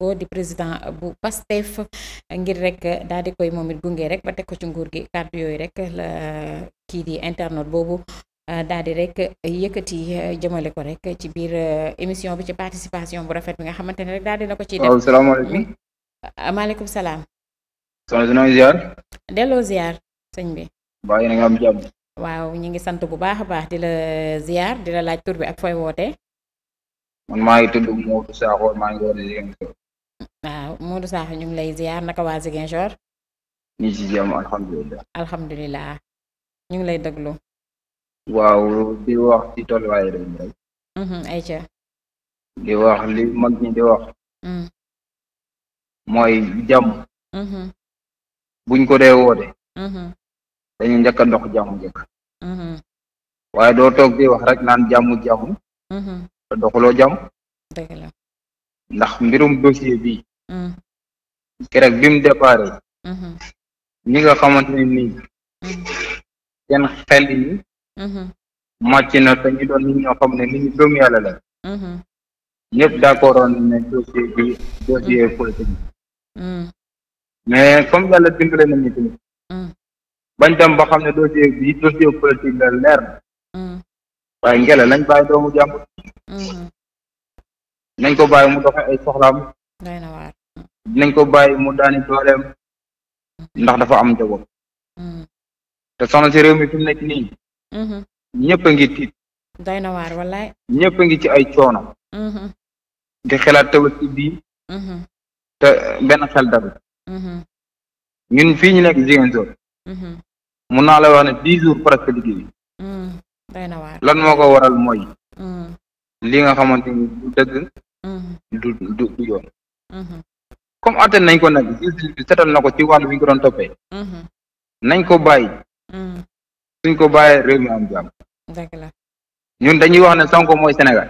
di président bu PASTEF ngir rek daal di koy moom it gunge rek ba teg ko ci nguur gi kàddu yooyu rek la kii di internet boobu ah, daal di rek yëkkati jëmale ko rek ci biir eh, émission bi ci participation bu rafet bi nga xamante ne rek daal dina ko ci def. waaw salaamaaleykum. Ah, salaam. soxna si sëñ bi. waaw ngi waaw ñu ngi sant bu baax a baax di la ziar di la laaj tur bi ak fooy wootee. maa ngi tudd Modou Sakho maa ngi wootee waaw Modou Sakho ñu ngi lay ziar naka waa Ziguinchor. ñu ngi si jàmm alhamdulilah. alhamdulilah lay déglu. waaw di wax ci tolluwaayu réew mi mhm, mag ñi di wax. Mhm. mooy jàmm. Mhm. buñ ko dee woote. dañuy njëkk a ndox jàmm njëkk. waaye doo toog di wax rek naan jàmm jàmm. te doxuloo jàmm. ndax mbirum dossier bi Mm-hmm. keroog bi mu déparé mm-hmm. ñi nga xamante ne nii mm-hmm. seen xel yi màcc na te ñu doon nit ñoo xam ne nit ñu gëm yàlla la ñëpp d'accord ne dossier bi dossier politique mais comme yàlla dimbale nañu tamit bañ dem ba xam ne dossier bi dossier politique la leer na waaye ngela nañ bàyyi doomu jàmbur nañ ko bàyyi mu doxe ay soxlaam dinañ ko bàyyi mu daani dooleem ndax dafa am njaboot mm-hmm. te soxna si réew mi fi mu nekk nii mm-hmm. ñëpp ngi tiit doy na waar ñëpp a ngi ci ay coono mm-hmm. di xelaat tabaski bii te benn xel dabi ñun fii ñu nekk Ziguinchor mun naa la wax ne dix presque liggéey doy na waar lan moo ko waral mooy li nga xamante du dëgg du yoon Mm-hmm. comme atte nañ ko nag setal na ko ci wàllu bi ko doon toppee mm-hmm. nañ ko bàyyi mm-hmm. suñ ko bàyyee réew mi am jàmm ñun dañuy wax ne Sonko mooy Sénégal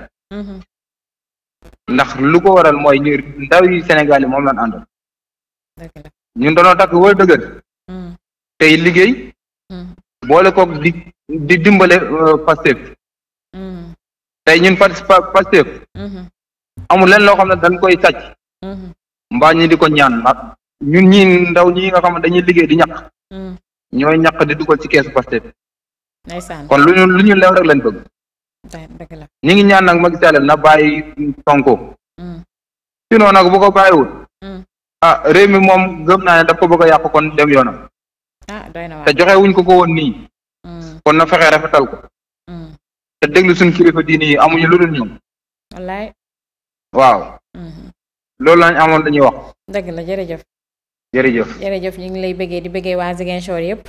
ndax lu ko waral mooy ñu ndaw yi Sénégal yi moom lañ àndoon ñun doonoo takk wala dëgër tey liggéey boole kook di dimbale euh, Pastef tey ñun Pastef amul leen loo xam ne dañ koy sàcc Mm-hmm. mbaa ñi di ko ñaan nag ñun ñi ndaw ñi nga xam ne dañuy liggéey di ñàkk mm-hmm. ñooy ñàkk di dugal ci keesu Pastef kon lu ñu lu ñu leew rek lañ bëgg ñi ngi ñaan nag Macky Sall na bàyyi Sonko sinon mm-hmm. nag bu ko bàyyiwul ah réew mi moom gëm naa ne daf ko bëgg yàq kon dem yoonam ah, te joxe wuñ ko ko woon nii kon na fexe rafetal ko te déglu suñ kilifa diini yi amuñu lu dul ñoom waaw loolu lañ amoon dañuy wax. dëgg la jërëjëf. jërëjëf ñu ngi lay bëggee di bëggee waa Ziguinchor yëpp.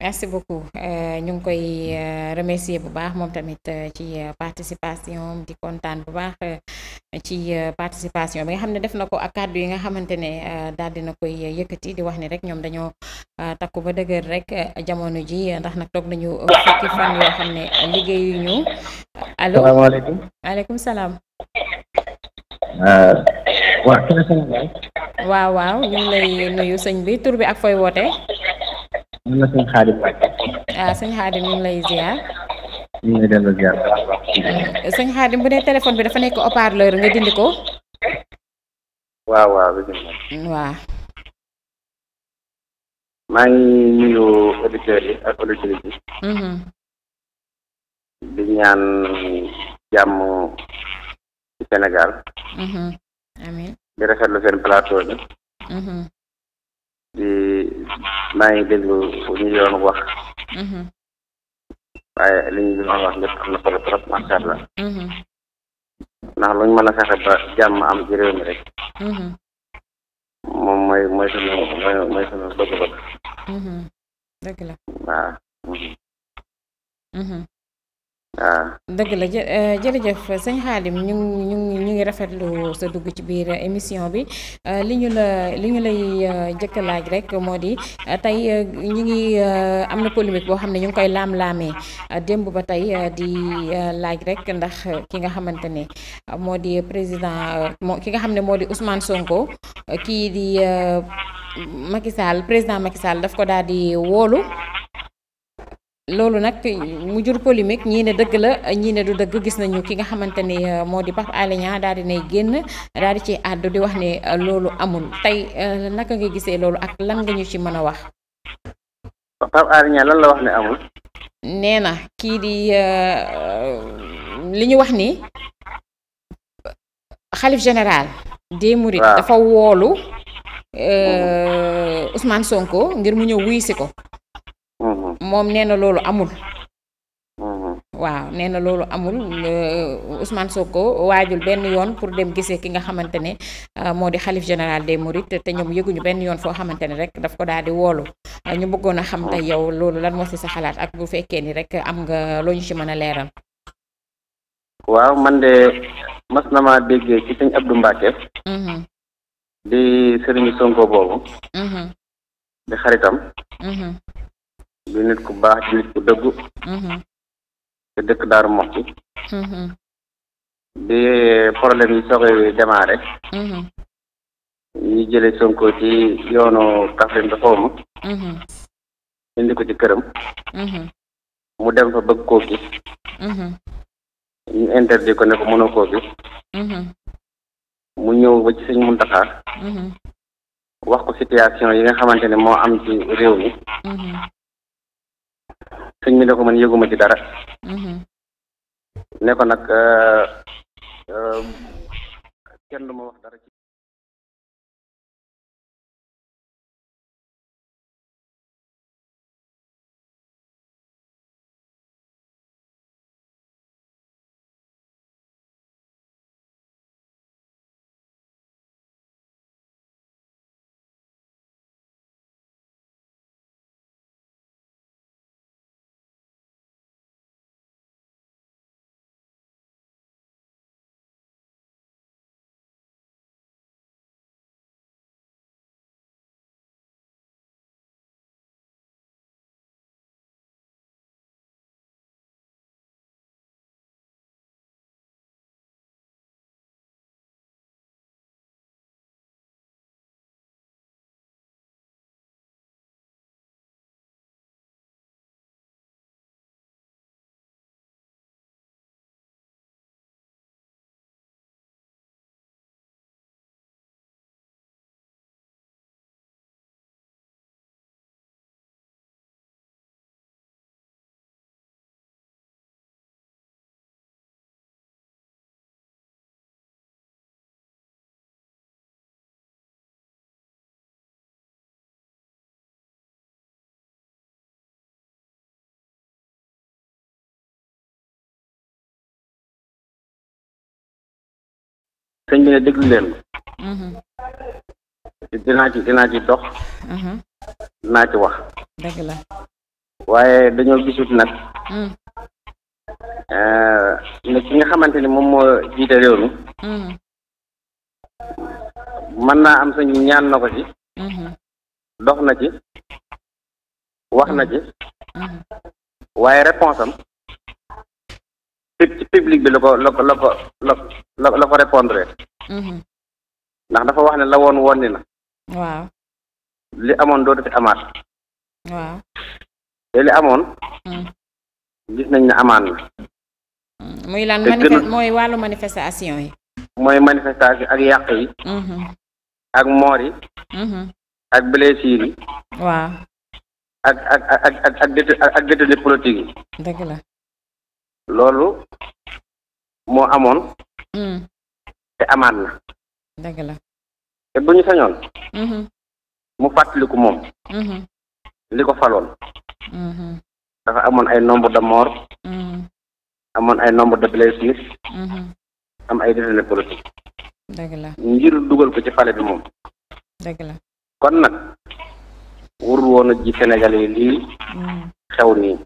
merci beaucoup euh, ñu ngi koy euh, remercier bu baax moom tamit euh, ci participation di kontaan bu baax ci participation bi nga xam ne def na ko ak kàddu yi nga xamante ne daal dina koy yëkkati di wax ni rek ñoom dañoo takku ba dëgër rek jamono ji ndax nag toog nañu fukki fan yoo xam ne liggéeyuñu allo salaamaaleykum maaleykum salaam. waa waaw ñu lay nuyu sëñ bi tur bi ak fooy wootee. man la sëñ Xaadim ah sëñ Xaadim ñu lay ziar. ñu ngi bu dee téléphone bi dafa nekk haut nga dindi ko. waaw waaw waaw. maa ngi nuyu auditeurs yi mm-hmm. ñaan jàmm ci amiin di rafetlu seen plateau bi. Mm-hmm. di maa ngi déglu ñu doon wax. Mm-hmm. waaye li ñu doon wax mm-hmm. ndax luñ mën a fexe ba jàmm am ci mi rek. mooy mooy sunu mooy mooy sunu bëgg-bëgg. la waaw. waaw ah. dëgg la jë eh, jërëjëf sëñ Xaadim ñu ngi ñu ñu ngi rafetlu sa dugg ci biir émission bi eh, li ñu la li ñu lay eh, jëkk laaj rek moo di tey ñu ngi am na polémique boo xam ne ñu ngi koy laam-laamee démb ba tey di laaj rek ndax ki nga xamante ne moo di président moo ki nga xam ne moo di Ousmane Sonko kii di Macky Sall président Macky daf ko daal di woolu loolu nag mu jur polémique ñii ne dëgg la ñii ne du dëgg gis nañu ki nga xamante ni euh, moo di Pape Alé Niang daal nay génn daal di ci àddu di wax ne euh, loolu amul tey euh, naka nga gisee loolu ak lan nga ñu ci mën a wax. Pape lan la wax ne amul. nee na kii di li ñu wax ni xalif général. des Mourides dafa woolu mm-hmm. Ousmane Sonko ngir mu ñëw wuy ko. Mm-hmm. moom nee na loolu amul. Mm-hmm. waaw nee na loolu amul euh, soo ko waajul benn yoon pour dem gisee ki nga xamante ne euh, moo di xalif général de Mourides te ñoom yëguñu benn yoon foo xamante ne rek daf ko daal di woolu euh, ñu bëggoon a xam tey yow loolu lan moo ci sa xalaat ak bu fekkee nii rek am nga loo ñu ci mën a leeral. waaw man de mas na maa déggee ci sëñ Abdou Mbacke. Mm-hmm. di di xaritam. di nit ku baax di nit ku dëggu mm-hmm. te dëkk daaru moxti mm-hmm. bi problème yi soogay démarré mm-hmm. ñu jële Sonko ci yoonu Kaffrine bi xawma indi ko ci këram mu dem fa bëgg koo ñu interdit ko ne ko mënoo koo mu ñëw ba ci sëñ Muntaxa wax ko situation yi nga xamante ne moo am ci réew mi sëñ mi ne ko man yëguma ci dara mm-hmm. ne ko nag euh, euh, kenn du ma dara sëñ bi ne déglu leen ko mhm. dinaa ci dinaa ci dox mhm. dinaa ci wax waaye dañoo gisut nag mhm. eh, ne ki nga xamante ni moom moo jiite réew mi mën naa am sëñ ñaan na ko ci dox na ci wax na ci waaye réponse ci public bi la ko la ko la ko la répondre mhm. ndax dafa wax ne la woon woon ni na waaw li amoon dootu fi amaat waaw te li amoon mhm. gis nañ ne amaan na mhm. muy lan mooy wàllu manifestation yi mooy manifestation ak yàq yi ak moor yi ak blessure yi waaw ak ak ak ak ak détenu politique yi loolu moo amoon hmm. te amaat na la te bu ñu sañoon hmm. mu fàttaliku moom hmm. li ko faloon dafa amoon ay nombre de morts amoon ay nombre de blessés am ay détenus politiques dëgg la dugal ko ci fale bi moom dëgg la kon nag warul woon a ji Sénégal yi lii xew nii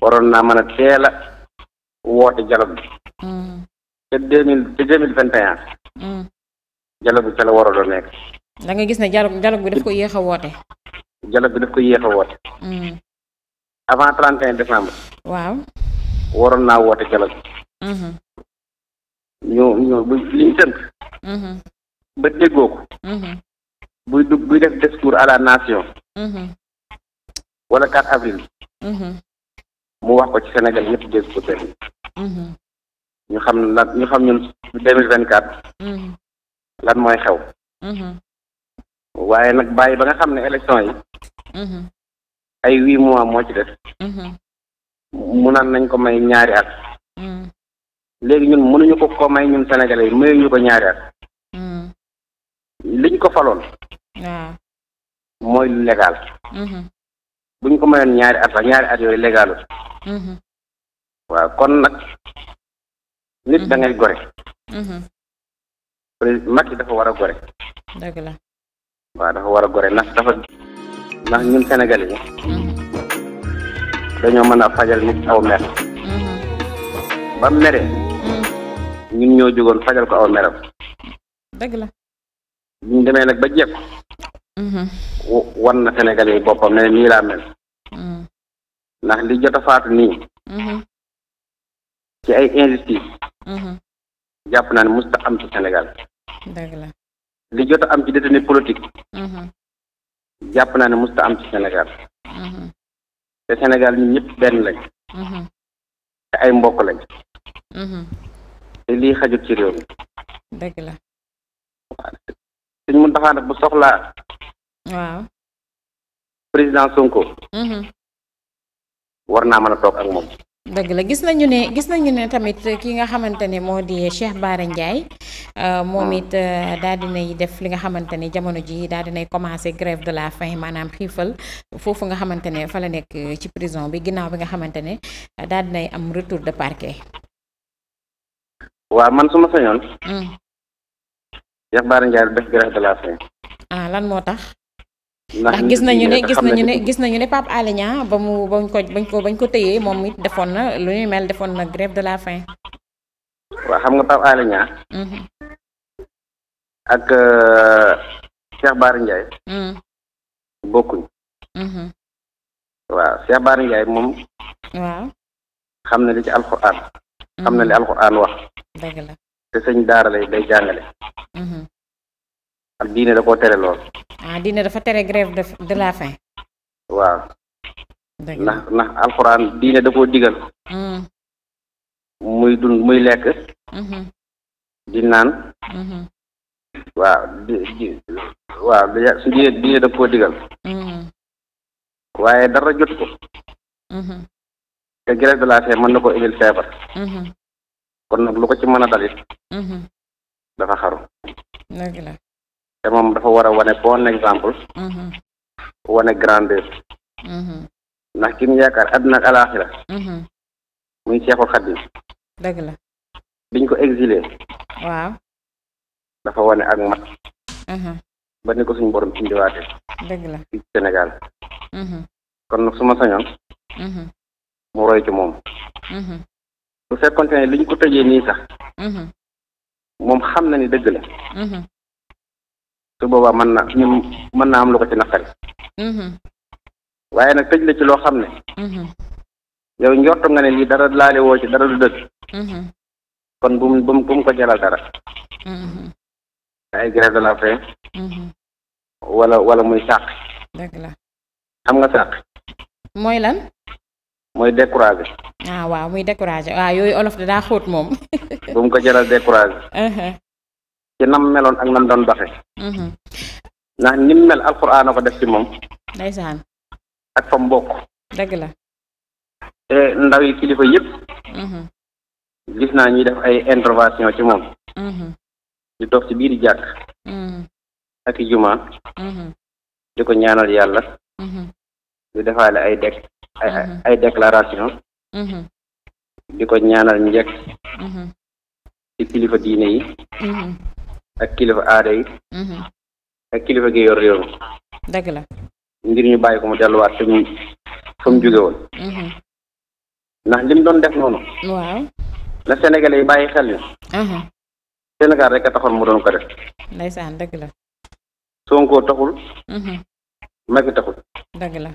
waroon naa mën a woote dialogue bi ca mm. deux mille ca deux mille vingt et un dialogue mm. bi ca la waroon a nekk da nga gis ne dialogue dialogue bi daf ko yéex a woote dialogue bi daf ko yéex a woote mm. avant trente décembre waaw waroon naa woote dialogue mm-hmm. ñu ñu mm-hmm. mm-hmm. buy dugg buy def discours à la nation wala 4 avril mu wax ko ci Sénégal ñëpp dégg ko Mhm. ñu xam lan ñu xam ñun deux mille vingt quatre mhm. lan mooy xew mhm. waaye nag bàyyi ba nga xam ne élection yi ay huit mois moo ci def mu naan nañ ko may ñaari at léegi ñun mënuñu ko ko may ñun sénégalais yi mayuñu ko ñaari at liñ ko faloon mooy lu légal buñ ko mayoon ñaari at la ñaari at yooyu légalul waa kon nag nit da ngay gore mm-hmm. Macky dafa war a gore dëgg dafa war a gore ndax dafa ndax ñun Sénégalais yi mm-hmm. dañoo mën a fajal nit aw mer mm-hmm. ba mere ñun ñoo jógoon fajal ko aw meram dëgg nag ba jekk wan yi boppam ne nii ndax li jot faatu nii ci ay injustice mm-hmm. jàpp naa ne musta am ci Sénégal li jot am ci détenu politique mm-hmm. jàpp naa ne musta am ci Sénégal mm-hmm. te Sénégal ñun ñëpp benn lañ te ay mbokk lañ te lii xajut ci réew mi dëgg mun taxaa nag bu soxlaa waaw président Sonko war naa mën a toog ak moom dëgg la gis nañu ne gis nañu ne tamit ki nga xamante ne moo di Cheikh Bara Ndiaye euh, moom it euh, daal dinay def li nga xamante ne jamono ji daal dinay commencé grève de la faim maanaam xiifal foofu nga xamante ne fa la nekk ci prison bi ginnaaw bi nga xamante ne daal dinay am retour de parquet. waaw man su ma sañoon. Mm. Cheikh Bara def grève de la faim. Ah, lan moo tax. ndax gis nañu ne gis nañu ne gis nañu ne Pape Alé ba mu bañ ko bañ ko bañ tëyee moom it defoon na lu ñuy mel defoon na grève de la faim. waaw xam nga Pape Alé Niang. Mm-hmm. ak euh, Cheikh Bara mm. bokkuñ. Mm-hmm. waaw Cheikh Bara moom. waaw. xam na li ci alxuraan. xam na li mm-hmm. alxuraan wax. dëgg la te sëñ daara lay day jàngale. ak diine da koo tere lool. ah diine dafa tere grève de de la waaw. ndax ndax alxuraan diine da koo digal. Hmm. muy dund muy lekk. Hmm. di naan. Hmm. waaw diine da koo digal. waaye dara jot ko. te grève de la faim mën na koo indil feebar. kon nag lu ko ci mën a dalit dafa xaru. te moom dafa war wane bon exemple mhm. wane grandeur mhm. ndax ki mu yaakaar àdduna ak alaaxira mhm. muy Seexul Xadiim dëgg la biñ ko exilé waaw dafa wane ak mat ba ni ko suñu borom indiwaate dëgg la fii ci Sénégal kon nag su ma sañoon mu roy ci moom bu fekkonte ne liñ ko tëjee nii sax moom xam na ni dëgg la su boobaa mën na ñun mën naa am lu ko ci naqari mm-hmm. waaye nag tëj la ci loo xam ne mm-hmm. yow njortu nga ne lii dara laale woo ci dara du dëgg mm-hmm. kon bu mu bu mu ko jaral dara ay grève de la faim wala wala muy sàq xam nga sàq mooy lan mooy découragé ah waaw muy découragé waaw ah, yooyu olof da daa xóot moom bu mu ko jaral découragé uh-huh. ci nam meloon ak nam doon doxe mm-hmm. ndax nim mel alxuraan a ako def ci moom ndeysaan ak fa mbokk dëgg la te ndaw yi kilifa yëpp mm-hmm. gis naa ñuy def ay intervention ci moom mm-hmm. di dox ci biir jàkk ak i juma di ko ñaanal yàlla di defaale ay dek ay déclaration di ko ñaanal njëkk ci kilifa diine yi ak kilifa aada yi mhm. ak kilifa gi yor réew mi dëgg la ngir ñu bàyyi ko mu delluwaat fi mu fa mu woon mhm. ndax li doon def noonu waaw la Sénégalais yi bàyyi xel ni mhm. Sénégal rek a taxoon mu doon ko def ndeysaan dëgg la Sonko taxul Macky taxul dëgg la